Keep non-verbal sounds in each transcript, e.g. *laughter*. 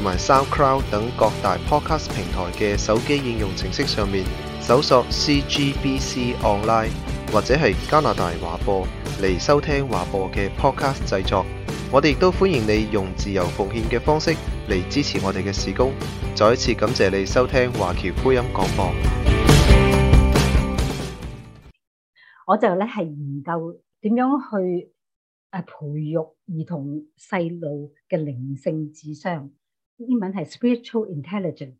同埋 SoundCloud 等各大 Podcast 平台嘅手機應用程式上面，搜索 CGBC Online 或者係加拿大華播嚟收聽華播嘅 Podcast 製作。我哋亦都歡迎你用自由奉獻嘅方式嚟支持我哋嘅事工。再一次感謝你收聽華僑福音廣播。我就咧係研究點樣去誒培育兒童細路嘅靈性智商。英文係 spiritual intelligence，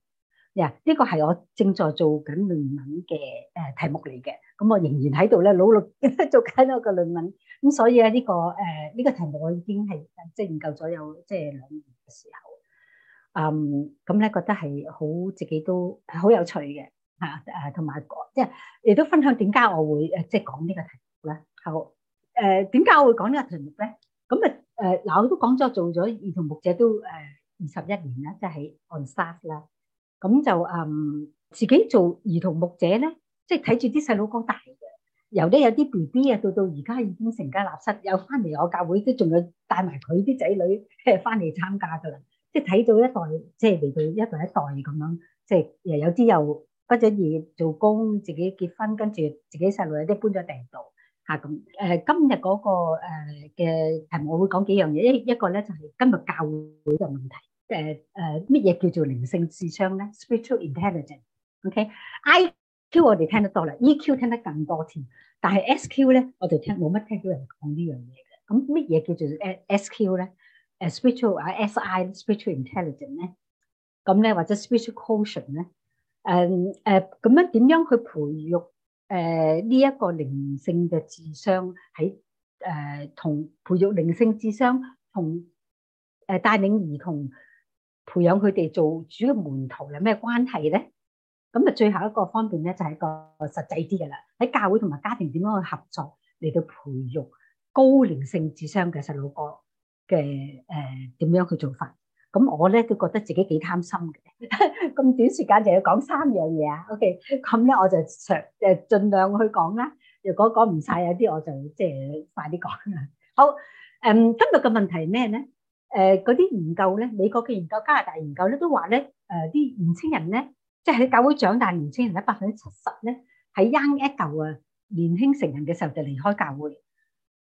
嗱呢個係我正在做緊論文嘅誒題目嚟嘅，咁我仍然喺度咧，努力做緊我嘅論文，咁所以咧呢個誒呢個題目我已經係即係研究咗有即係兩年嘅時候，嗯，咁咧覺得係好自己都好有趣嘅吓誒，同埋講即係亦都分享點解我會誒即係講呢個題目咧，好誒點解我會講呢個題目咧？咁啊誒嗱我都講咗做咗兒童牧者都誒。二十一年啦，即係 on staff 啦，咁就誒自己做兒童牧者咧，即係睇住啲細佬哥大嘅，由咧有啲 BB 啊，到到而家已經成家立室，又翻嚟我教會都仲有帶埋佢啲仔女翻嚟參加㗎啦，即係睇到一代，即係嚟到一代一代咁樣，即係又有啲又畢咗業做工，自己結婚，跟住自己細路有啲搬咗第二度嚇咁誒，今日嗰個誒嘅係我會講幾樣嘢，一一個咧就係今日教會嘅問題。誒誒，乜嘢叫做靈性智商咧？Spiritual intelligence，OK，IQ 我哋聽得多啦，EQ 聽得更多添。但係 SQ 咧，我哋聽冇乜聽到人講呢樣嘢嘅。咁乜嘢叫做誒 SQ 咧？誒，spiritual 啊，S I，spiritual intelligence 咧，咁咧或者 spiritual quotient 咧，誒誒，咁樣點樣去培育誒呢一個靈性嘅智商喺誒同培育靈性智商同誒帶領兒童。培養佢哋做主嘅門徒有咩關係咧？咁啊，最後一個方面咧，就係一個實際啲嘅啦，喺教會同埋家庭點樣去合作嚟到培育高靈性智商嘅細路哥嘅，誒，點樣去做法？咁我咧都覺得自己幾貪心嘅，咁短時間就要講三樣嘢啊。OK，咁咧我就想誒，盡量去講啦。如果講唔晒有啲，我就即係快啲講。好，誒，今日嘅問題係咩咧？誒，嗰啲研究咧，美國嘅研究，加拿大研究咧，都話咧，誒，啲年青人咧，即係喺教會長大年青人咧，百分之七十咧喺 young adult 啊，年輕成人嘅時候就離開教會。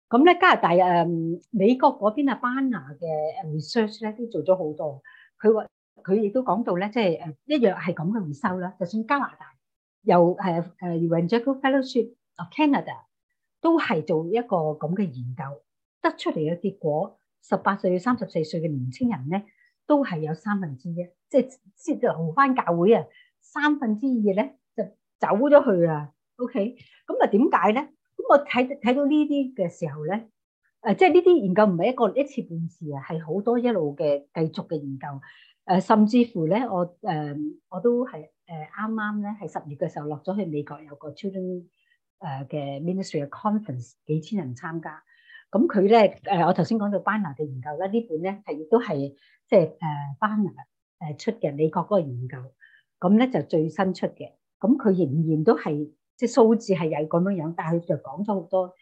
咁咧，加拿大誒，美國嗰邊啊，班拿嘅 research 咧，都做咗好多。佢話佢亦都講到咧，即係誒，一樣係咁嘅回收啦。就算加拿大又誒誒，Evangelical Fellowship of Canada 都係做一個咁嘅研究，得出嚟嘅結果。十八歲三十四歲嘅年青人咧，都係有三分之一，即係先留翻教會啊，三分之二咧就走咗去啊。OK，咁啊點解咧？咁我睇睇到呢啲嘅時候咧，誒即係呢啲研究唔係一個一次半次啊，係好多一路嘅繼續嘅研究。誒、呃，甚至乎咧，我誒、呃、我都係誒啱啱咧，喺、呃、十月嘅時候落咗去美國有個 Children 誒嘅 Ministry Conference，幾千人參加。咁佢咧，誒我頭先講到班納嘅研究咧，呢本咧係亦都係即係誒班納誒出嘅美國嗰個研究，咁咧就最新出嘅，咁佢仍然都係即係數字係有咁樣樣，但係佢就講咗好多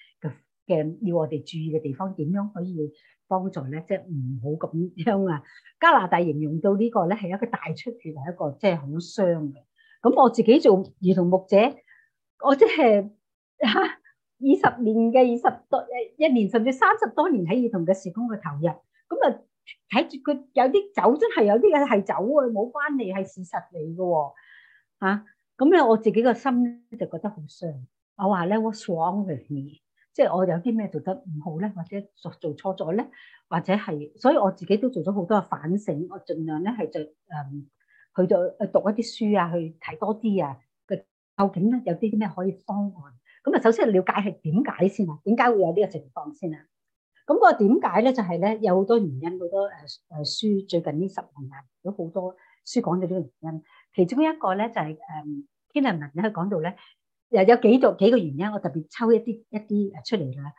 嘅要我哋注意嘅地方，點樣可以幫助咧？即係唔好咁樣啊！加拿大形容到呢個咧係一個大出血，係一個即係好傷嘅。咁我自己做兒童牧者，我即係嚇。二十年嘅二十多一一年，甚至三十多年喺兒童嘅事工嘅投入，咁啊睇住佢有啲走，真係有啲人係走啊，冇關係係事實嚟嘅喎嚇。咁咧我自己個心就覺得好傷。我話咧，what's wrong with me？即係我有啲咩做得唔好咧，或者做做錯咗咧，或者係，所以我自己都做咗好多嘅反省。我儘量咧係就誒去到誒讀一啲書啊，去睇多啲啊嘅究竟咧有啲啲咩可以方案。咁啊，首先係了解係點解先啊？點解會有呢個情況先啊？咁個點解咧，就係咧有好多原因，好多誒誒書，最近呢十年有好多書講到呢個原因。其中一個咧就係誒，Kevin 咧講到咧，又有幾多幾個原因，我特別抽一啲一啲誒出嚟啦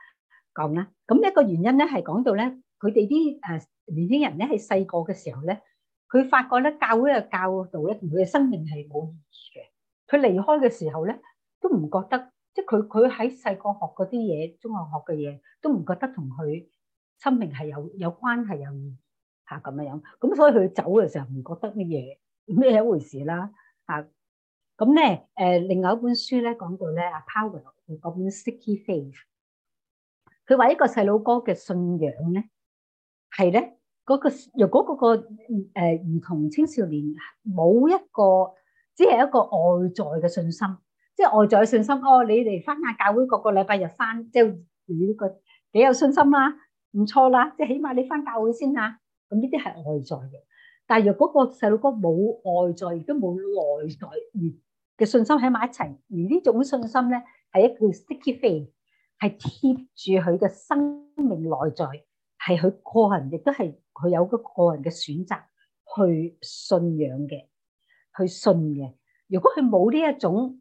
講啦。咁一個原因咧係講到咧，佢哋啲誒年輕人咧喺細個嘅時候咧，佢發覺咧教會嘅教導咧，同佢嘅生命係冇意義嘅。佢離開嘅時候咧，都唔覺得。即係佢佢喺細個學嗰啲嘢，中學學嘅嘢都唔覺得同佢生命係有有關係，有下咁樣樣。咁所以佢走嘅時候唔覺得乜嘢咩一回事啦。吓咁咧，誒，另外一本書咧講到咧，阿 Powell 佢嗰本 Sticky Faith，佢話一個細佬哥嘅信仰咧係咧嗰個，如果嗰個誒兒童青少年冇一個，只係一個外在嘅信心。即係外在有信心哦，你哋翻下教會，個個禮拜日翻，即係呢個幾有信心啦，唔錯啦，即係起碼你翻教會先啦。咁呢啲係外在嘅，但係若果個細路哥冇外在亦都冇內在而嘅信心喺埋一齊，而呢種信心咧係一個 sticky thing，係貼住佢嘅生命內在，係佢個人亦都係佢有嗰個人嘅選擇去信仰嘅，去信嘅。如果佢冇呢一種，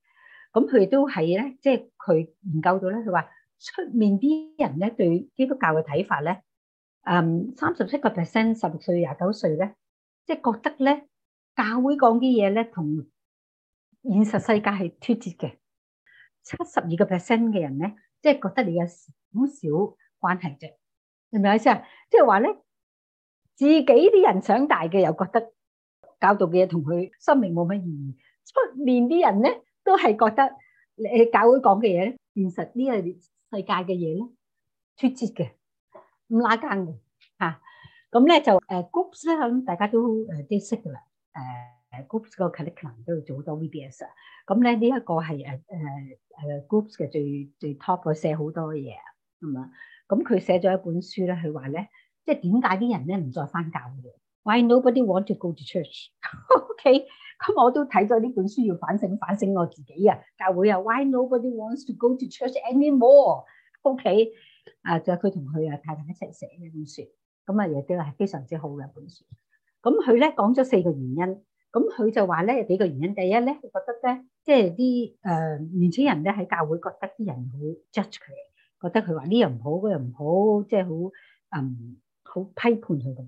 咁佢都係咧，即係佢研究到咧，佢話出面啲人咧對基督教嘅睇法咧，嗯，三十七個 percent 十六歲廿九歲咧，即係覺得咧教會講啲嘢咧同現實世界係脫節嘅，七十二個 percent 嘅人咧，即係覺得你有少少關係啫，明唔明我意思啊？即係話咧，自己啲人長大嘅又覺得教導嘅嘢同佢生命冇乜意義，出面啲人咧。都係覺得你教會講嘅嘢咧，現實呢個世界嘅嘢咧脫節嘅，唔拉更嘅嚇。咁咧就誒 groups 啦，咁大家都誒即係識嘅啦。誒誒 groups 個 clinical 都要做好多 VBS 啊。咁咧呢一個係誒誒誒 groups 嘅最最 top 去寫好多嘢啊。咁啊，咁佢寫咗一本書咧，佢話咧，即係點解啲人咧唔再返教會？Why nobody want to go to church？OK，、okay, 咁、嗯、我都睇咗呢本書，要反省反省我自己啊，教會啊。Why nobody wants to go to church anymore？OK，、okay, 啊、嗯、就係佢同佢啊太太一齊寫嘅本書，咁啊有啲係非常之好嘅本書。咁佢咧講咗四個原因，咁、嗯、佢就話咧有幾個原因。第一咧，佢覺得咧，即係啲誒年輕人咧喺教會覺得啲人好 judge 佢，覺得佢話呢樣唔好，嗰樣唔好，即係好嗯好批判佢咁。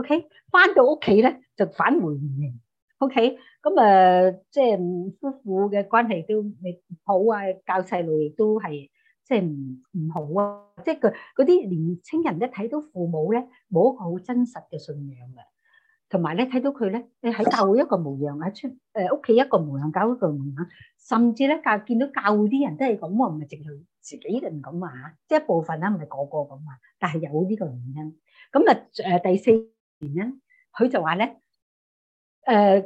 O.K.，翻到屋企咧就返回原形。O.K. 咁啊，即係夫婦嘅關係都未好啊，教細路亦都係即係唔唔好啊。即係佢嗰啲年青人一睇到父母咧冇一個好真實嘅信仰嘅，同埋咧睇到佢咧，你喺教會一個模樣啊，出誒屋企一個模樣，教會一個模樣，甚至咧教見到教會啲人都係咁啊，唔係淨係自己啲人咁啊嚇，即係一部分啦，唔係個個咁啊，但係有呢個原因。咁啊誒第四。原因佢就話咧，誒、呃，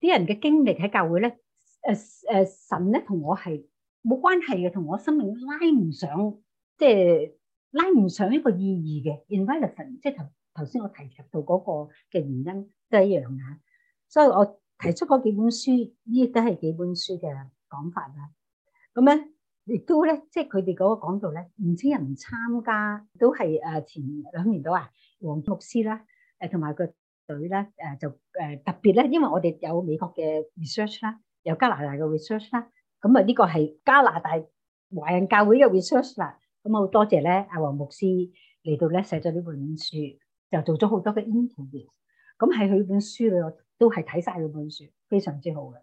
啲人嘅經歷喺教會咧，誒、呃、誒、呃，神咧同我係冇關係嘅，同我生命拉唔上，即係拉唔上一個意義嘅。irrelevant 即係頭頭先我提及到嗰個嘅原因都係一樣啊。所以我提出嗰幾本書，呢都係幾本書嘅講法啦。咁咧亦都咧，即係佢哋嗰個講到咧，唔少人參加，都係誒前兩年都話，黃牧師啦。誒同埋個隊咧，誒就誒特別咧，因為我哋有美國嘅 research 啦，有加拿大嘅 research 啦，咁啊呢個係加拿大華人教會嘅 research 啦。咁啊好多謝咧，阿黃牧師嚟到咧寫咗呢本書，就做咗好多嘅 interview。咁喺佢本書裏，我都係睇曬佢本書，非常之好嘅。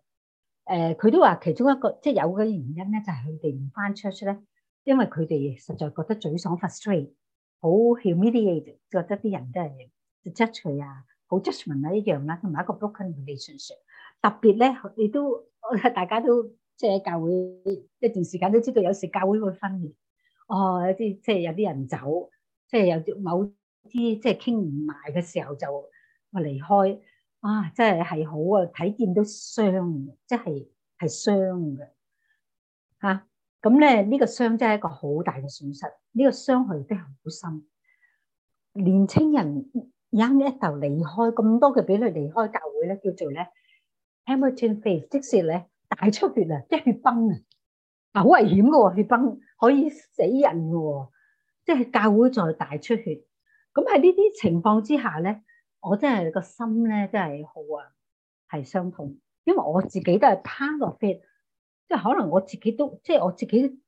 誒，佢都話其中一個即係有嘅原因咧，就係佢哋唔翻 church 咧，因為佢哋實在覺得嘴爽發 stray，好 humiliated，覺得啲人都係。judge 佢啊，好 judgement 啊，一樣啦，同埋一個 broken relationship。特別咧，你都大家都即係教會一段時間都知道，有時教會會分裂。哦，有啲即係有啲人走，即係有啲某啲即係傾唔埋嘅時候就離開。啊，真係係好啊，睇見都傷，即係係傷嘅。嚇，咁咧呢個傷真係一個好大嘅損失。呢個傷佢都係好深，年青人。有呢一頭離開咁多嘅俾佢離開教會咧，叫做咧，Hemorrhaging Faith，即是咧大出血啊，即係血崩啊，啊好危險噶喎，血崩可以死人噶喎，即係教會再大出血。咁喺呢啲情況之下咧，我真係個心咧真係好啊，係傷痛，因為我自己都係 part of it，即係可能我自己都即係我自己誒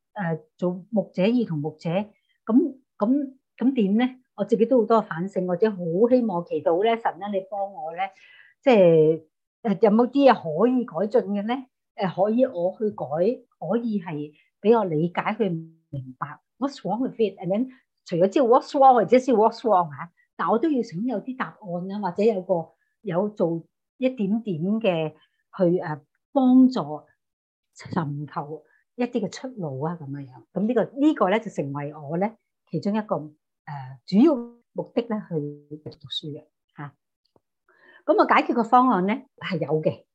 做牧者兒童牧者，咁咁咁點咧？我自己都好多反省，或者好希望祈禱咧，神咧你幫我咧，即係誒有冇啲嘢可以改進嘅咧？誒可以我去改，可以係俾我理解去明白 what's wrong with it，and then 除咗知道 what's wrong 或者知 what's wrong 吓，但係我都要想有啲答案啦，或者有個有做一點點嘅去誒幫助尋求一啲嘅出路啊，咁樣樣。咁呢個呢個咧就成為我咧其中一個。誒，主要目的咧去讀書嘅吓，咁啊解決個方案咧係有嘅。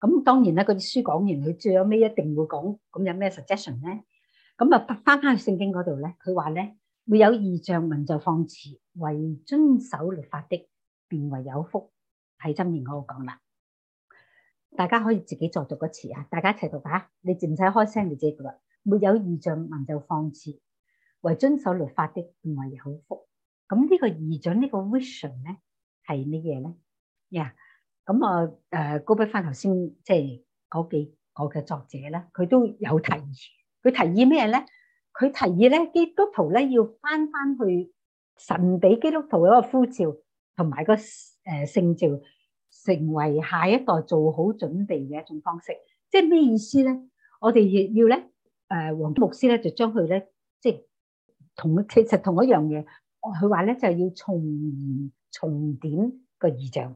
咁當然咧嗰啲書講完，佢最後尾一定會講，咁有咩 suggestion 咧？咁啊翻返去聖經嗰度咧，佢話咧，沒有異象民就放肆，為遵守律法的，便為有福。喺箴言嗰度講啦，大家可以自己再讀個詞啊，大家一齊讀下，你唔使開聲就知到啦。沒有異象民就放肆。為遵守律法的，唔係有福。咁呢個二種呢個 vision 咧，係咩嘢咧？呀，咁啊，誒，高比翻頭先，即係嗰幾個嘅作者啦，佢都有提議。佢提議咩咧？佢提議咧，基督徒咧要翻翻去神俾基督徒嗰個呼召，同埋個誒聖召，成為下一代做好準備嘅一種方式。即係咩意思咧？我哋亦要咧，誒，黃牧師咧就將佢咧。同其實同一樣嘢，佢話咧就係要重燃重點個異象。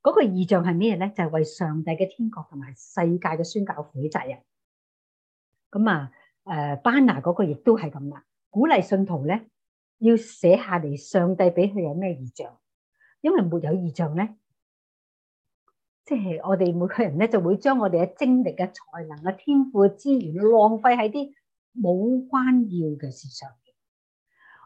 嗰、那個異象係咩咧？就係、是、為上帝嘅天國同埋世界嘅宣教負起責任。咁啊，誒、呃、班拿嗰個亦都係咁啦，鼓勵信徒咧要寫下嚟上帝俾佢有咩異象，因為沒有異象咧，即、就、係、是、我哋每個人咧就會將我哋嘅精力、嘅才能、嘅天賦、資源浪費喺啲冇關要嘅事上。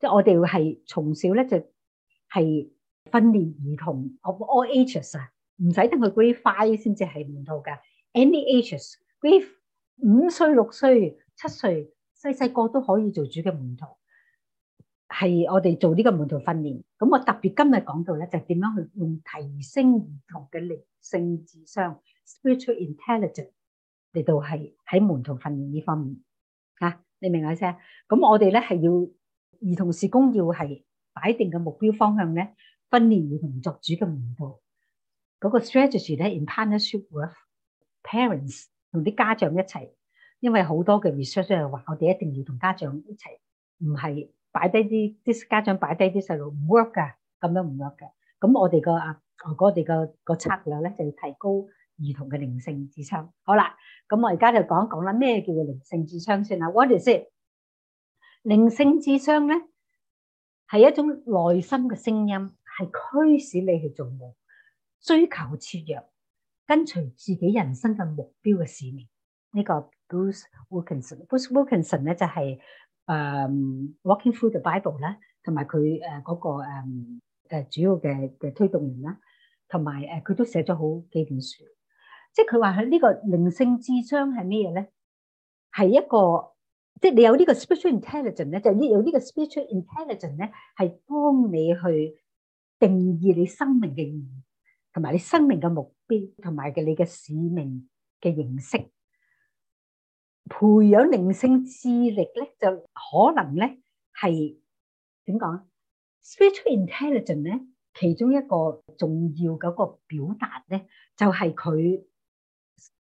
即係我哋會係從小咧就係訓練兒童，of all ages 啊，唔使等佢 graduate 先至係門徒噶，any ages，grade 五歲六歲七歲，細細個都可以做主嘅門徒。係我哋做呢個門徒訓練。咁我特別今日講到咧，就點樣去用提升兒童嘅靈性智商 （spiritual intelligence） 嚟到係喺門徒訓練呢方面。啊，你明唔明先？咁我哋咧係要。兒童事工要係擺定嘅目標方向咧，訓練兒童作主嘅門徒。嗰個 strategy 咧，in partnership with parents，同啲家長一齊。因為好多嘅 research 係話，我哋一定要同家長一齊，唔係擺低啲啲家長擺低啲細路唔 work 噶，咁樣唔 work 嘅。咁我哋個啊，我哋個個策略咧，就要提高兒童嘅靈性智商。好啦，咁我而家就講一講啦，咩叫做靈性智商先啊？What is it? 靈性智商咧，係一種內心嘅聲音，係驅使你去做夢、追求超越跟隨自己人生嘅目標嘅使命。呢、這個 Bruce Wilkinson，Bruce Wilkinson 咧就係、是、誒、um, Walking Through the Bible 咧、那個，同埋佢誒個誒誒主要嘅嘅推動員啦，同埋誒佢都寫咗好幾本書，即係佢話佢呢個靈性智商係咩嘢咧？係一個。即係你有呢個 spiritual intelligence 咧，就係呢有呢個 spiritual intelligence 咧，係幫你去定義你生命嘅意義，同埋你生命嘅目標，同埋嘅你嘅使命嘅認識。培養靈性智力咧，就可能咧係點講？spiritual intelligence 咧，其中一個重要嘅一個表達咧，就係佢。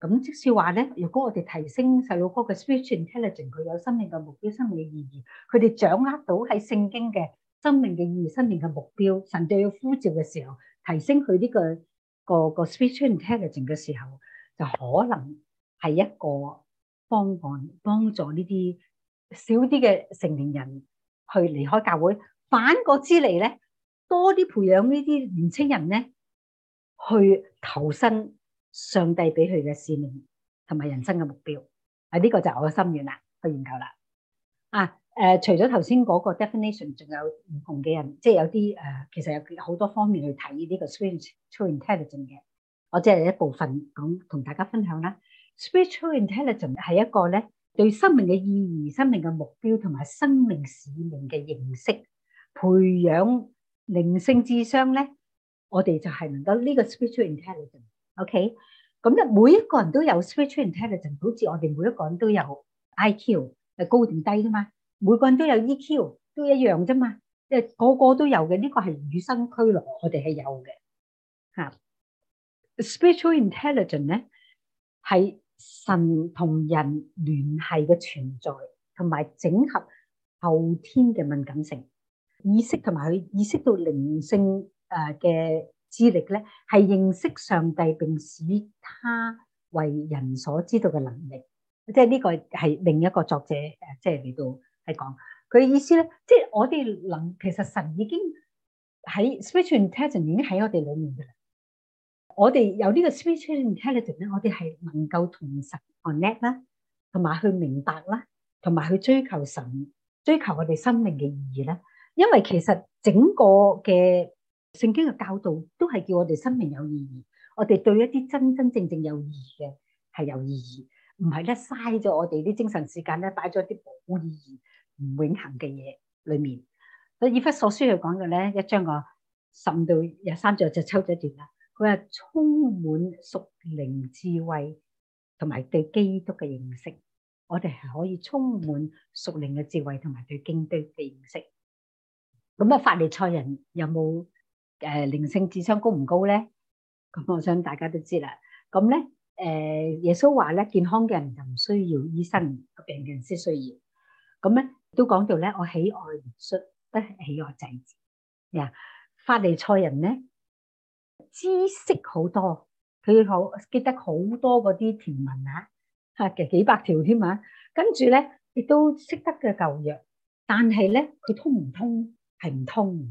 咁即使話咧，如果我哋提升細路哥嘅 spiritual intelligence，佢有生命嘅目標、生命嘅意義，佢哋掌握到喺聖經嘅生命嘅意義、生命嘅目標，神對佢呼召嘅時候，提升佢呢個個個 spiritual intelligence 嘅時候，就可能係一個方案，幫助呢啲少啲嘅成年人去離開教會。反過之嚟咧，多啲培養呢啲年青人咧，去投身。上帝俾佢嘅使命同埋人生嘅目標，啊、這、呢個就係我嘅心願啦，去研究啦。啊，誒、呃，除咗頭先嗰個 definition，仲有唔同嘅人，即係有啲誒、呃，其實有好多方面去睇呢個 spiritual intelligence 嘅，我只係一部分咁同大家分享啦。spiritual intelligence 係一個咧對生命嘅意義、生命嘅目標同埋生命使命嘅認識，培養靈性智商咧，我哋就係能夠呢個 spiritual intelligence。OK，咁咧，每一個人都有 spiritual intelligence，好似我哋每一個人都有 IQ，係高定低啫嘛，每個人都有 EQ，都一樣啫嘛，即係個個都有嘅，呢個係與生俱來，我哋係有嘅。嚇，spiritual intelligence 咧係神同人聯繫嘅存在，同埋整合後天嘅敏感性意識，同埋佢意識到靈性誒嘅。智力咧，係認識上帝並使他為人所知道嘅能力，即係呢個係另一個作者誒，即係嚟到係講佢嘅意思咧，即係我哋能其實神已經喺 spiritual intelligence 已經喺我哋裏面噶啦，我哋有呢個 spiritual intelligence 咧，我哋係能夠同神 connect 啦，同埋去明白啦，同埋去追求神，追求我哋生命嘅意義啦。因為其實整個嘅。聖經嘅教導都係叫我哋生命有意義，我哋對一啲真真正正有意義嘅係有意義，唔係咧嘥咗我哋啲精神時間咧，擺咗啲冇意義、唔永恒嘅嘢裏面。以弗所書去講嘅咧，一章個十五到廿三節就抽咗一段啦。佢係充滿屬靈智慧，同埋對基督嘅認識，我哋係可以充滿屬靈嘅智慧，同埋對基督嘅認識。咁啊，法利賽人有冇？誒，靈性智商高唔高咧？咁我想大家都知啦。咁咧，誒，耶穌話咧，健康嘅人就唔需要醫生，個病嘅人先需要。咁咧都講到咧，我喜愛憐恤，不喜愛祭祀。呀，法利賽人咧，知識好多，佢好記得好多嗰啲條文啊，吓嘅幾百條添啊。跟住咧，亦都識得嘅舊約，但係咧，佢通唔通？係唔通。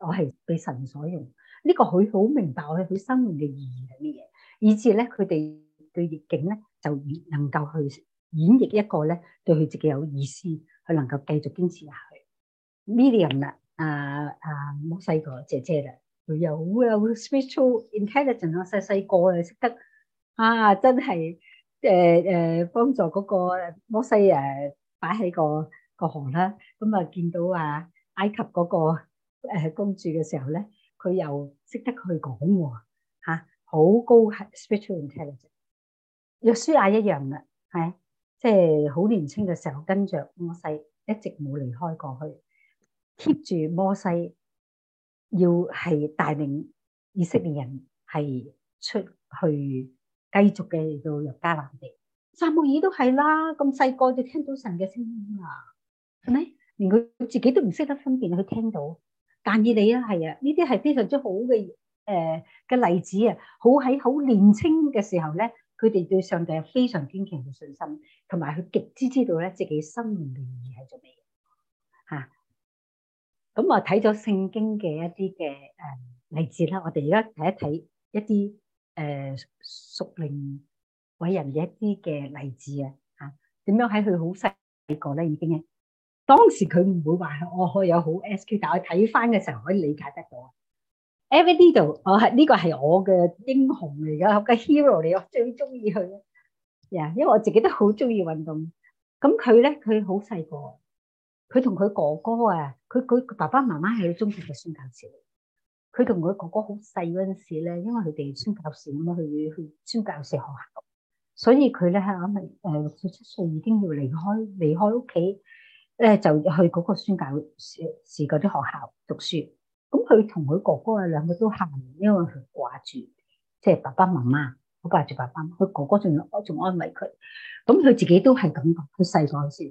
我係被神所用，呢個佢好明白我哋佢生命嘅意義係乜嘢，以致咧佢哋對逆境咧就越能夠去演繹一個咧對佢自己有意思，佢能夠繼續堅持下去。Medium 啦，啊啊摩西個姐姐啦，佢又好有 spiritual intelligence，我細細個就識得啊，真係誒誒幫助嗰個摩西誒擺喺個個河啦，咁啊見到啊埃及嗰個。誒，公主嘅時候咧，佢又識得去講喎吓，好、啊、高 spiritual intelligence。約書亞一樣嘅，係即係好年輕嘅時候，跟着摩西一直冇離開過去，keep 住摩西要係帶領以色列人係出去繼，繼續嘅到入迦南地。撒母耳都係啦，咁細個就聽到神嘅聲音啦，係咪？連佢自己都唔識得分辨，佢聽到。建議你啊，係啊，呢啲係非常之好嘅，誒嘅例子啊，好喺好年青嘅時候咧，佢哋對上帝係非常堅強嘅信心，同埋佢極之知道咧自己心靈嘅意義係做咩嘢嚇。咁啊，睇咗聖經嘅一啲嘅誒例子啦，我哋而家睇一睇一啲誒、呃、屬靈偉人嘅一啲嘅例子啊嚇，點樣喺佢好細個咧已經？當時佢唔會話我可以有好 S K，但我睇翻嘅時候可以理解得到。e v e r y 呢度，我係呢個係我嘅英雄嚟㗎，我嘅 hero 嚟，我最中意佢。呀、yeah，因為我自己都好中意運動。咁佢咧，佢好細個，佢同佢哥哥啊，佢佢爸爸媽媽係喺中國嘅宣教士嚟。佢同佢哥哥好細嗰陣時咧，因為佢哋宣教士咁樣去去宣教士學校，所以佢咧嚇誒，七歲已經要離開離開屋企。咧就去嗰個宣教士嗰啲學校讀書，咁佢同佢哥哥啊兩個都行。因為佢掛住，即係爸爸媽媽，好掛住爸爸媽媽。佢哥哥仲仲安慰佢，咁佢自己都係咁佢細個先，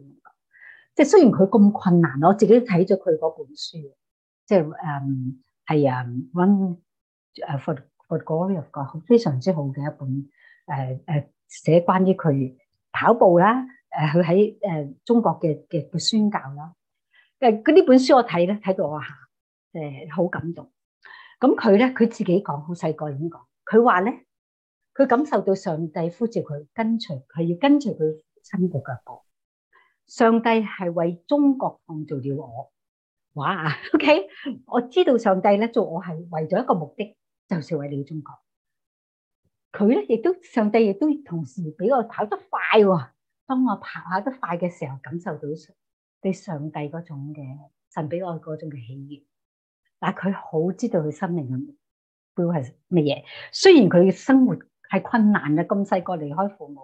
即係雖然佢咁困難，我自己睇咗佢嗰本書，即係誒係啊 One o for for o of God 個非常之好嘅一本誒誒、uh, uh, 寫關於佢跑步啦。誒，佢喺誒中國嘅嘅嘅宣教啦，誒，嗰呢本書我睇咧睇到我吓，誒好感動。咁佢咧佢自己講，好細個已經講，佢話咧佢感受到上帝呼召佢跟隨，係要跟隨佢新嘅腳步。上帝係為中國創造了我，哇，O K，我知道上帝咧做我係為咗一個目的，就是為了中國。佢咧亦都上帝亦都同時俾我跑得快喎。當我爬下得快嘅時候，感受到對上帝嗰種嘅神俾我嗰種嘅喜悅。但係佢好知道佢生命嘅目標係乜嘢。雖然佢嘅生活係困難嘅，咁細個離開父母，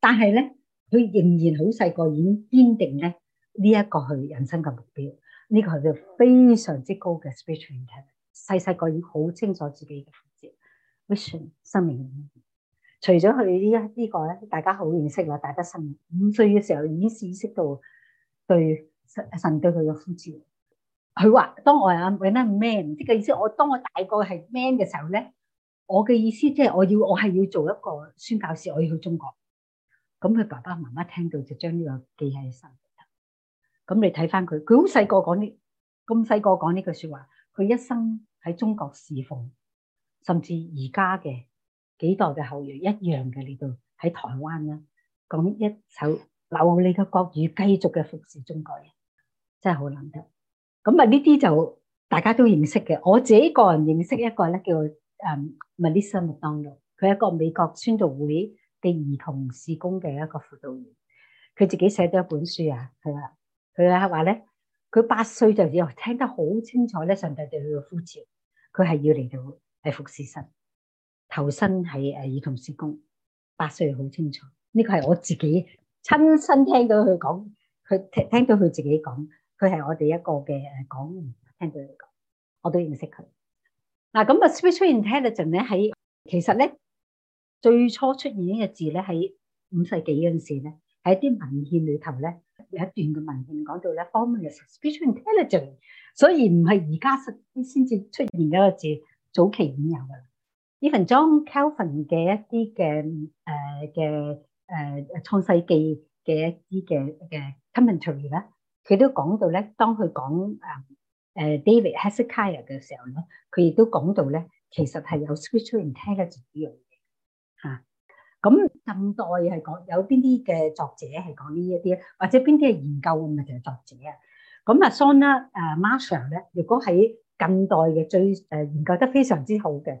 但係咧，佢仍然好細個已經堅定咧呢一個佢人生嘅目標。呢、這個係佢非常之高嘅 spiritual。細細個已經好清楚自己嘅目標、vision、生命。除咗佢呢呢個咧，大家好認識啦，戴德生五歲嘅時候已經意識到對神對佢嘅呼召。佢話：當我係 a man，唔知嘅意思。我當我大個係 man 嘅時候咧，我嘅意思即係我要我係要做一個宣教師，我要去中國。咁佢爸爸媽媽聽到就將呢個記喺心頭。咁你睇翻佢，佢好細個講啲咁細個講呢句説話，佢一生喺中國侍奉，甚至而家嘅。幾代嘅後裔一樣嘅，嚟到喺台灣啦，咁一首流利嘅國語繼續嘅服侍中國人，真係好難得。咁啊，呢啲就大家都認識嘅。我自己個人認識一個咧，叫誒 Malissa McDonald，佢係一個美國宣道會嘅兒童事工嘅一個輔導員。佢自己寫咗一本書啊，佢話佢啊話咧，佢八歲就已經聽得好清楚咧，上帝對佢嘅呼召，佢係要嚟到嚟服侍神。投身喺誒兒童事工，八歲好清楚，呢、呢個係我自己親身聽到佢講，佢聽聽到佢自己講，佢係我哋一個嘅誒講員，聽到佢講，我都認識佢。嗱咁啊，spiritual intelligence 咧喺其實咧最初出現的呢個字咧喺五世紀嗰陣時咧喺一啲文獻裏頭咧有一段嘅文獻講到咧，formal spiritual intelligence，所以唔係而家先至出現呢個字，早期已經有噶啦。EvenJohn Calvin 嘅一啲嘅誒嘅誒創世記嘅一啲嘅嘅 commentary 咧，佢都講到咧，當佢講誒誒 David Hezekiah 嘅時候咧，佢亦都講到咧，其實係有 spiritual intelligence 呢樣嘢嚇。咁近代係講有邊啲嘅作者係講呢一啲咧，或者邊啲係研究咁嘅就係作者啊？咁啊，Sona 誒 Marshall 咧，如果喺近代嘅最誒研究得非常之好嘅。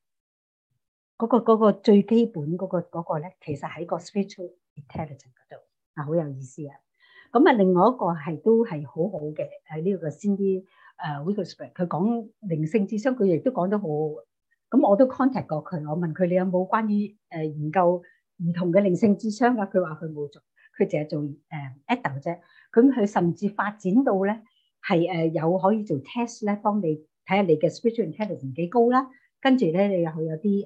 嗰個嗰個最基本嗰個嗰個咧，其實喺個 spiritual intelligence 嗰度啊，好有意思啊！咁啊，另外一個係都係好好嘅，喺呢個先啲誒 wikipedia，佢講靈性智商，佢亦都講得好好。咁我都 contact 過佢，我問佢你有冇關於誒研究唔同嘅靈性智商㗎？佢話佢冇做，佢淨係做誒 attest 啫。咁佢甚至發展到咧係誒有可以做 test 咧，幫你睇下你嘅 spiritual intelligence 幾高啦。跟住咧，你又佢有啲誒。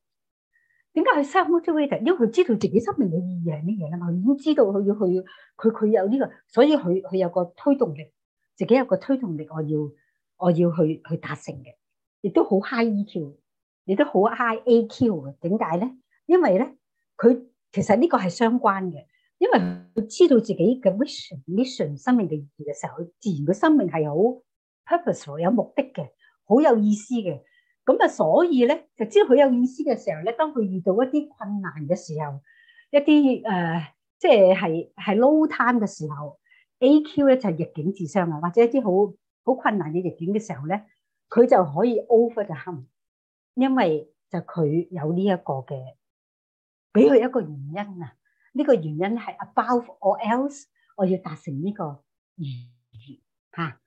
點解佢 self motivated 因為佢知道自己生命嘅意義係乜嘢啦嘛，已經知道佢要去，佢佢有呢、這個，所以佢佢有一個推動力，自己有一個推動力我，我要我要去去達成嘅，亦都好 high EQ，亦都好 high AQ 嘅。點解咧？因為咧，佢其實呢個係相關嘅，因為佢知道自己嘅 vision mission 生命嘅意義嘅時候，自然佢生命係好 purposeful 有目的嘅，好有意思嘅。咁啊，所以咧就知道佢有意思嘅時候咧，當佢遇到一啲困難嘅時候，一啲誒即係係 low time 嘅時候，A. Q. 咧就係逆境智商啊，或者一啲好好困難嘅逆境嘅時候咧，佢就可以 over 就行，因為就佢有呢一個嘅，俾佢一個原因啊。呢、這個原因係 above all else，我要達成這個、啊、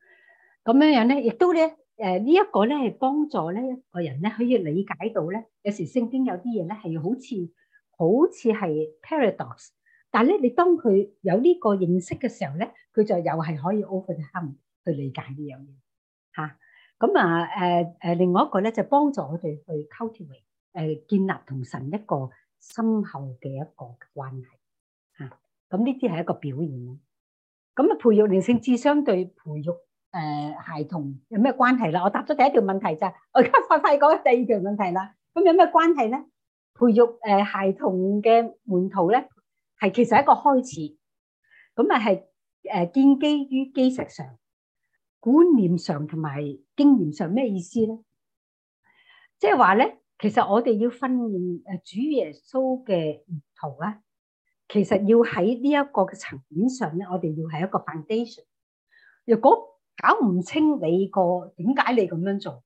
這樣呢個嘢嚇。咁樣樣咧，亦都咧。誒，呢一個咧係幫助咧一個人咧可以理解到咧，有時聖經有啲嘢咧係好似好似係 paradox，但係咧你當佢有呢個認識嘅時候咧，佢就又係可以 open up 去理解呢樣嘢吓。咁啊誒誒，另外一個咧就幫助我哋去 cultivate 誒建立同神一個深厚嘅一個關係吓。咁呢啲係一個表現咯。咁啊，培育靈性智商對培育。誒，孩童有咩關係啦？我答咗第一條問題就係，我而家快快講第二條問題啦。咁有咩關係咧？培育誒孩童嘅門徒咧，係其實係一個開始。咁啊係誒建基於基石上，觀念上同埋經驗上，咩意思咧？即係話咧，其實我哋要訓練誒主耶穌嘅門徒啊，其實要喺呢一個嘅層面上咧，我哋要係一個 foundation。如果.搞唔清你個點解你咁樣做，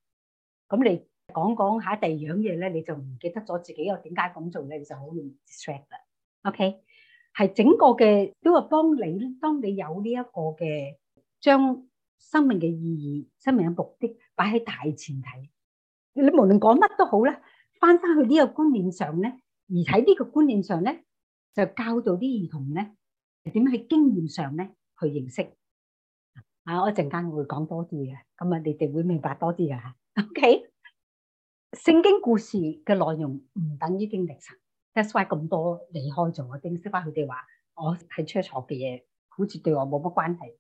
咁你講講下第二樣嘢咧，你就唔記得咗自己又點解咁做咧，你就好容易 distract 啦。OK，係整個嘅都係幫你，當你有呢一個嘅將生命嘅意義、生命嘅目的擺喺大前提，你無論講乜都好咧，翻翻去呢個觀念上咧，而喺呢個觀念上咧，就教導啲兒童咧點樣喺經驗上咧去認識。啊！我一陣間會講多啲嘅，咁啊，你哋會明白多啲啊。OK，聖經故事嘅內容唔等於經歷神，That's why 咁多離開咗，我認識翻佢哋話我係出錯嘅嘢，好似對我冇乜關係。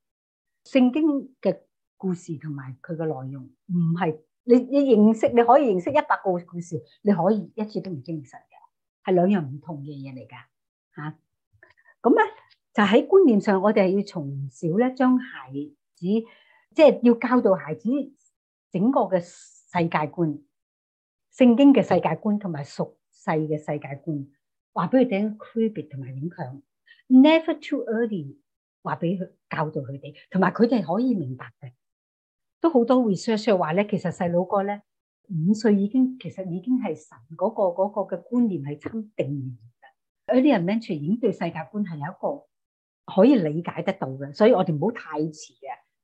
聖經嘅故事同埋佢嘅內容唔係你你認識，你可以認識一百個故事，你可以一次都唔經歷神嘅，係兩樣唔同嘅嘢嚟噶。吓，咁咧就喺觀念上，我哋係要從小咧將系。指即係要教導孩子整個嘅世界觀、聖經嘅世界觀同埋俗世嘅世界觀，話俾佢哋一個區別同埋影響。Never too early，話俾佢教導佢哋，同埋佢哋可以明白嘅。都好多 research 話咧，其實細佬哥咧五歲已經，其實已經係神嗰、嗰個嗰、嗰個嘅觀念係侵定嘅。 *music* early elementary 已經對世界觀係有一個可以理解得到嘅，所以我哋唔好太遲啊。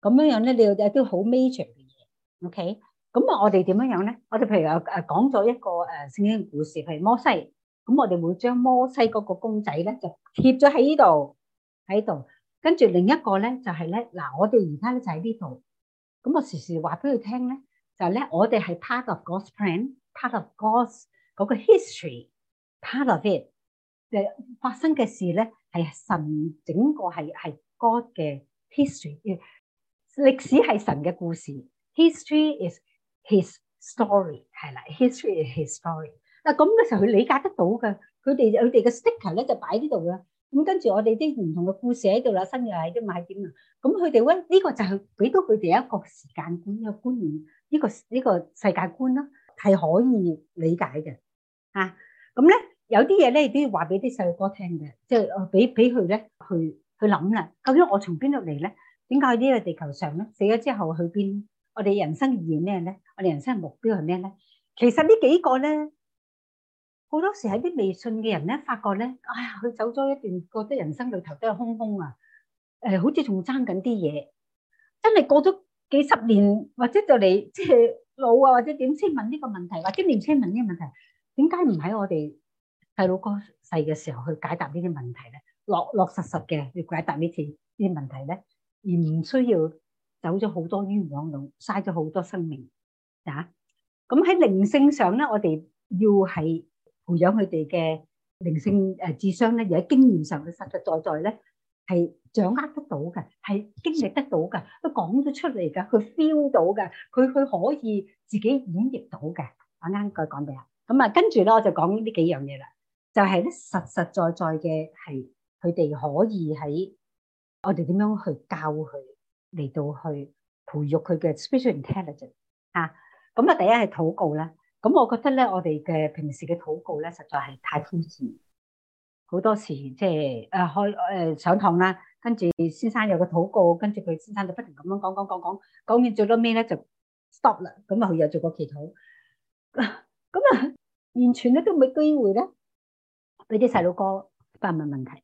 咁樣樣咧，你要有啲好 major 嘅嘢，OK？咁啊，我哋點樣樣咧？我哋譬如啊，誒，講咗一個誒聖經故事，譬如摩西。咁我哋會將摩西嗰個公仔咧，就貼咗喺呢度，喺度。跟住另一個咧，就係咧，嗱，我哋而家咧就喺呢度。咁我時時話俾佢聽咧，就係咧，我哋係 part of God's plan，part of God's 嗰個 history，part of it。誒，發生嘅事咧，係神整個係係 God 嘅 history。歷史係神嘅故事，history is his story 係啦，history is his story。嗱，咁嘅時候佢理解得到嘅，佢哋佢哋嘅 sticker 咧就擺呢度啦。咁跟住我哋啲唔同嘅故事喺度啦，新嘅喺啲，唔喺啲啊。咁佢哋咧，呢個就係俾到佢哋一個時間觀，一個觀念，呢個呢個世界觀咯，係可以理解嘅。嚇咁咧，有啲嘢咧都要話俾啲細路哥聽嘅，即係俾俾佢咧去去諗啦。究竟我從邊度嚟咧？點解喺呢個地球上咧？死咗之後去邊？我哋人生意咩咧？我哋人生目標係咩咧？其實呢幾個咧，好多時喺啲未信嘅人咧，發覺咧，哎呀，佢走咗一段，覺得人生裏頭都係空空啊，誒，好似仲爭緊啲嘢，真係過咗幾十年，或者就嚟即係老啊，或者點先問呢個問題，或者年輕問呢個問題，點解唔喺我哋細佬哥細嘅時候去解答呢啲問題咧？落落實實嘅去解答呢次呢啲問題咧？而唔需要走咗好多冤枉路，嘥咗好多生命啊！咁喺靈性上咧，我哋要係培養佢哋嘅靈性誒智商咧，而喺經驗上，佢實實在在咧係掌握得到嘅，係經歷得到嘅，佢講咗出嚟噶，佢 feel 到嘅，佢佢可以自己演繹到嘅。啱啱佢講俾我，咁啊，跟住咧我就講呢幾樣嘢啦，就係咧實實在在嘅係佢哋可以喺。我哋點樣去教佢嚟到去培育佢嘅 spiritual intelligence？吓，咁啊，第一係禱告咧。咁我覺得咧，我哋嘅平時嘅禱告咧，實在係太膚淺。好多時即係誒開誒上堂啦，跟住先生有個禱告，跟住佢先生就不停咁樣講講講講，講完做咗咩咧就 stop 啦。咁啊，佢又做過祈禱，咁啊，完全咧都冇機會咧俾啲細路哥發問問題，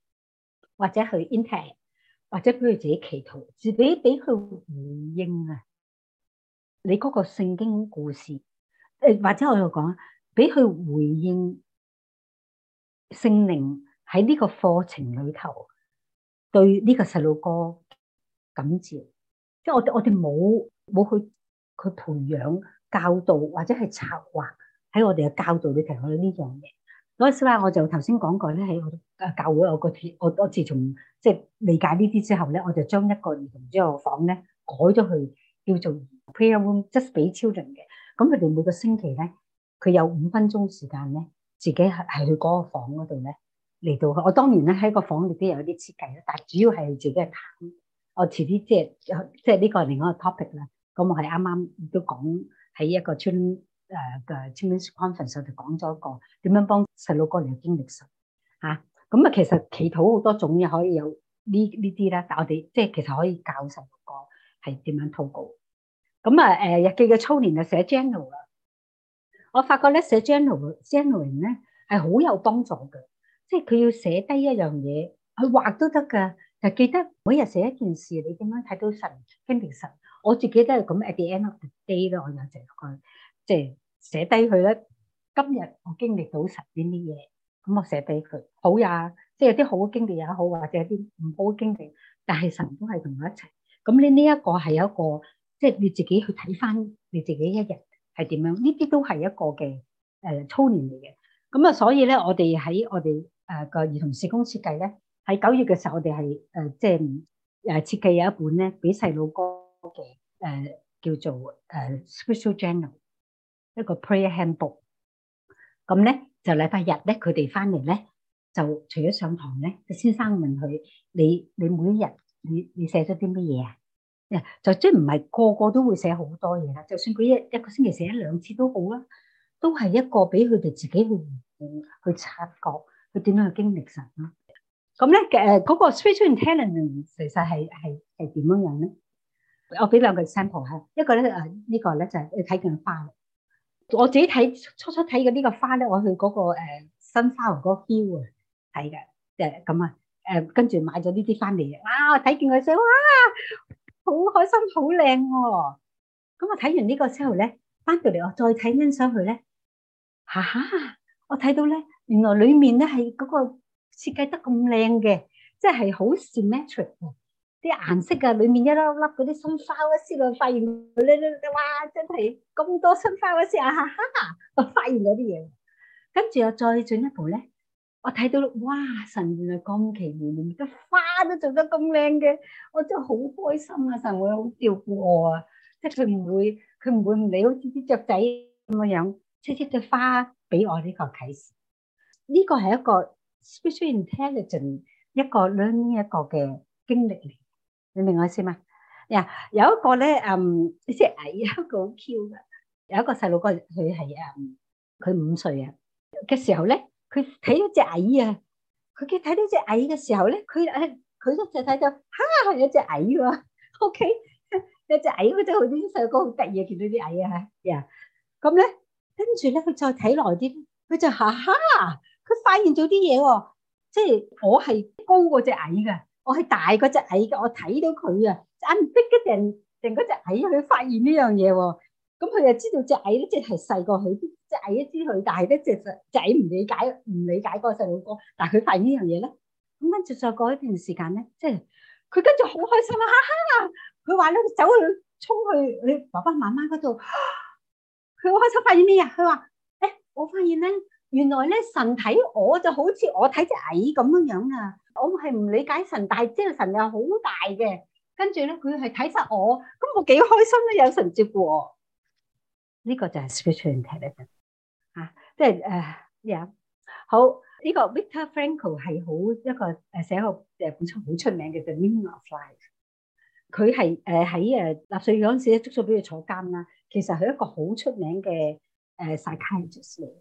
或者去 inter。或者俾佢自己祈禱，就俾俾佢回應啊！你嗰個聖經故事，或者我又講，俾佢回應聖靈喺呢個課程裏頭對呢個細路哥。感謝，就是，我哋我哋冇冇去佢培養、教導或者係策劃喺我哋嘅教導裏頭去呢樣嘢。這個嗰時啦，我就頭先講過咧，喺我教會有個帖，我我自從即係理解呢啲之後咧，我就將一個兒童之後房咧改咗去叫做 prayer room，即係俾 children 嘅。咁佢哋每個星期咧，佢有五分鐘時間咧，自己係係去嗰個房嗰度咧嚟到。我當然咧喺個房入邊有啲設計啦，但係主要係自己係攤。我遲啲即係即係呢個另一個 topic 啦。咁我係啱啱都講喺一個村。誒嘅青年 conference 就講咗一個點樣幫細路哥嚟經歷神吓，咁啊其實祈禱好多種嘢，可以有呢呢啲咧。但係我哋即係其實可以教細路哥係點樣禱告。咁啊誒日記嘅操練就寫 journal 啦，我發覺咧寫 journal journaling 咧係好有幫助嘅，即係佢要寫低一樣嘢，佢畫都得㗎，就記得每日寫一件事，你點樣睇到神經歷神，我自己都係咁。At the end of the day 咧，我有寫過。即係寫低佢咧，今日我經歷到神啲嘢，咁我寫俾佢好呀，即係有啲好嘅經歷也好，或者有啲唔好嘅經歷，但係神都係同我一齊。咁你呢一個係一個，即係你自己去睇翻你自己一日係點樣，呢啲都係一個嘅誒操練嚟嘅。咁啊，所以咧，我哋喺我哋誒個兒童事工設計咧，喺九月嘅時候，我哋係誒即係誒設計有一本咧，俾細佬哥嘅誒叫做誒 Special Journal。一個 prayer handbook，咁咧就禮拜日咧，佢哋翻嚟咧就除咗上堂咧，就先生問佢：你你每一日你你寫咗啲乜嘢啊？就即係唔係個個都會寫好多嘢啦。就算佢一一個星期寫一兩次都好啦，都係一個俾佢哋自己去去去察覺佢點樣去經歷神啦。咁咧誒嗰個 spiritual intelligence 其實係係係點樣樣咧？我俾兩個 example 吓，一個咧呢、呢個咧就係睇緊花。我自己睇初初睇嘅呢個花咧，我去嗰，那個誒、呃、新花園嗰個 feel 啊睇嘅，咁啊，誒、呃呃、跟住買咗呢啲翻嚟我睇見佢想：「哇，好開心，好靚喎！嗯」咁我睇完呢個之後咧，翻到嚟我再睇欣賞佢咧，哈、啊、哈，我睇到咧，原來裏面咧係嗰個設計得咁靚嘅，即係好 symmetric 喎。啲顏色啊，裏面一粒粒嗰啲新花嗰時，我發現咧咧咧，哇！真係咁多新花嗰時啊，哈哈！我發現咗啲嘢，跟住我再進一步咧，我睇到哇！神原來咁奇妙，連個花都做得咁靚嘅，我真係好開心啊！神會好照顧我啊，即係佢唔會佢唔會唔理，好似啲雀仔咁嘅樣，即即隻花俾我呢個啟示。呢個係一個 spiritual intelligence，一個 learning 一個嘅經歷嚟。你明我意思嘛？呀，有一個咧，嗯，隻矮啊，個好 Q 噶。有一個細路哥，佢係誒，佢五歲啊嘅時候咧，佢睇到隻矮啊。佢嘅睇到隻矮嘅時候咧，佢誒，佢都睇睇到，嚇係有隻矮喎。OK，有隻矮，好似啲細路哥好得意啊！見到啲矮啊嚇呀。咁咧，跟住咧，佢再睇耐啲，佢就嚇嚇，佢發現咗啲嘢喎。即係我係高過隻矮噶。我係大嗰隻矮嘅，我睇到佢啊，硬逼一陣，定嗰隻矮去發現呢樣嘢喎。咁佢就知道隻矮呢隻係細過佢，隻係矮一知佢大咧，隻仔唔理解，唔理解個細路哥。但係佢發現呢樣嘢咧，咁跟住再過一段時間咧，即係佢跟住好開心啊，哈哈！佢話咧，走去衝去你爸爸媽媽嗰度，佢好開心發現咩啊？佢話，誒、欸，我發現咧，原來咧神睇我就好似我睇隻矮咁樣樣啊！我係唔理解神，但係知道神又好大嘅。跟住咧，佢係睇實我，咁我幾開心咧，有神接過我。呢、這個就係 spiritual intelligence。吓、啊，即係誒咩啊？好，呢、這個 Victor Frankl 係好一個誒，寫、啊、個誒，好出名嘅 The Meaning of Life。佢係誒喺誒納粹嗰陣時咧，足足俾佢坐監啦。其實佢一個好出名嘅誒 psychiatrist。啊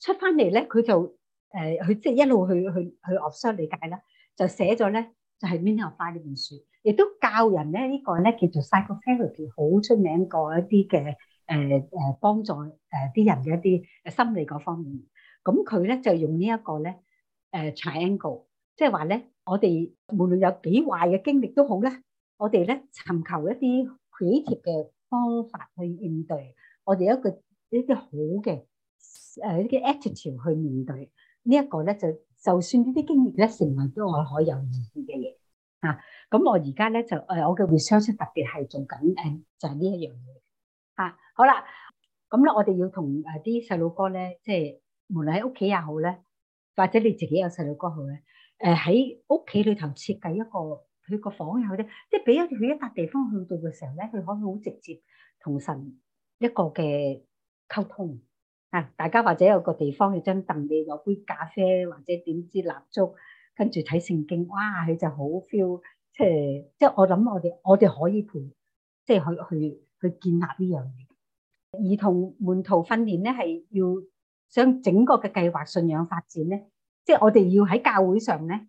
出翻嚟咧，佢就誒去即係一路去去去 absor 理解啦，就寫咗咧就係《Mineral Fire》呢本書，亦都教人咧呢個咧叫做 psychotherapy，好出名過一啲嘅誒誒幫助誒啲人嘅一啲心理嗰方面。咁佢咧就用呢一個咧誒 triangle，即係話咧我哋無論有幾壞嘅經歷都好咧，我哋咧尋求一啲 creative 嘅方法去應對我哋一個一啲好嘅。誒呢啲 attitude 去面對呢一、這個咧，就就算呢啲經歷咧，成為咗我可有意義嘅嘢。咁我而家咧就我嘅 research 特別係做緊誒，就係、就是啊嗯、呢一樣嘢。好啦，咁咧我哋要同啲細路哥咧，即係無論喺屋企又好咧，或者你自己有細路哥好咧，喺屋企裏頭設計一個佢、就是、個房又好啲，即係俾佢佢一笪地方去到嘅時候咧，佢可以好直接同神一個嘅溝通。大家或者有個地方去，有張凳，你攞杯咖啡或者點支蠟燭，跟住睇聖經，哇！佢就好 feel，即係即係我諗，我哋我哋可以培，即係去去去建立呢樣嘢。兒童門徒訓練咧，係要想整個嘅計劃信仰發展咧，即係我哋要喺教會上咧，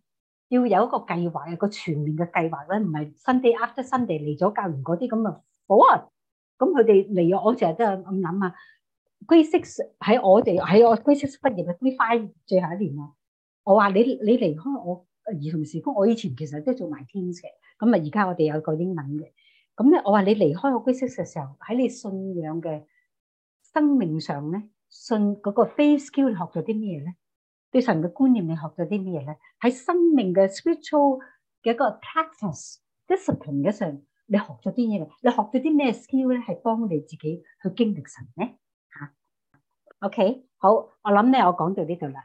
要有一個計劃，有個全面嘅計劃咧，唔係 Sunday after Sunday 嚟咗教會嗰啲咁啊好啊，咁佢哋嚟咗我成日都係咁諗啊。Grace Six 喺我哋喺我 Grace Six 畢業嘅 Grace Five 最後一年啊，我話你你離開我兒童事工，我以前其實都做埋 teens 嘅，咁啊而家我哋有個英文嘅，咁咧我話你離開我 Grace Six 嘅時候，喺你信仰嘅生命上咧，信嗰個 faith skill 你學咗啲咩咧？對神嘅觀念你學咗啲咩咧？喺生命嘅 spiritual 嘅一個 practice discipline 嘅上，你學咗啲嘢，你學咗啲咩 skill 咧？係幫你自己去經歷神咧？OK，好，我諗呢，我講到呢度啦。